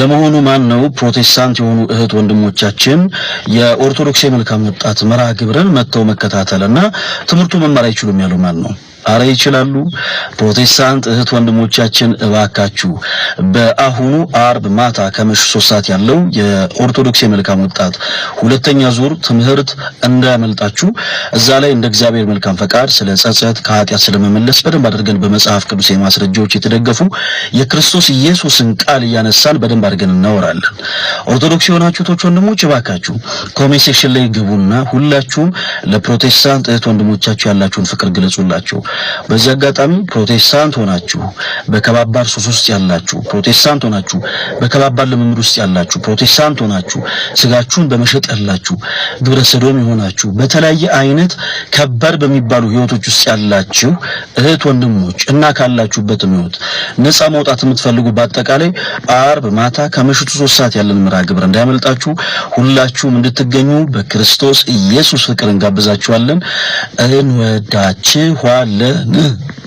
ለመሆኑ ማን ነው ፕሮቴስታንት የሆኑ እህት ወንድሞቻችን የኦርቶዶክስ የመልካም ወጣት መርሃ ግብርን መጥተው መከታተልና ትምህርቱ መማር አይችሉም ያሉ ማን ነው? አረ ይችላሉ። ፕሮቴስታንት እህት ወንድሞቻችን እባካችሁ በአሁኑ አርብ ማታ ከምሽቱ ሶስት ሰዓት ያለው የኦርቶዶክስ የመልካም ወጣት ሁለተኛ ዙር ትምህርት እንዳያመልጣችሁ። እዛ ላይ እንደ እግዚአብሔር መልካም ፈቃድ ስለ ጸጸት ከኃጢአት ስለመመለስ በደንብ አድርገን በመጽሐፍ ቅዱስ የማስረጃዎች የተደገፉ የክርስቶስ ኢየሱስን ቃል እያነሳን በደንብ አድርገን እናወራለን። ኦርቶዶክስ የሆናችሁ ቶች ወንድሞች እባካችሁ ኮሜሴክሽን ላይ ግቡና ሁላችሁም ለፕሮቴስታንት እህት ወንድሞቻችሁ ያላችሁን ፍቅር ግለጹላቸው። በዚህ አጋጣሚ ፕሮቴስታንት ሆናችሁ በከባባር ሱስ ውስጥ ያላችሁ፣ ፕሮቴስታንት ሆናችሁ በከባባር ልምምድ ውስጥ ያላችሁ፣ ፕሮቴስታንት ሆናችሁ ስጋችሁን በመሸጥ ያላችሁ፣ ግብረ ሰዶም የሆናችሁ፣ በተለያየ አይነት ከባድ በሚባሉ ህይወቶች ውስጥ ያላችሁ እህት ወንድሞች እና ካላችሁበት ህይወት ነጻ መውጣት የምትፈልጉ በአጠቃላይ አርብ ማታ ከምሽቱ ሶስት ሰዓት ያለን ምራ ግብር እንዳያመልጣችሁ ሁላችሁም እንድትገኙ በክርስቶስ ኢየሱስ ፍቅር እንጋብዛችኋለን። እንወዳችኋለን። nữa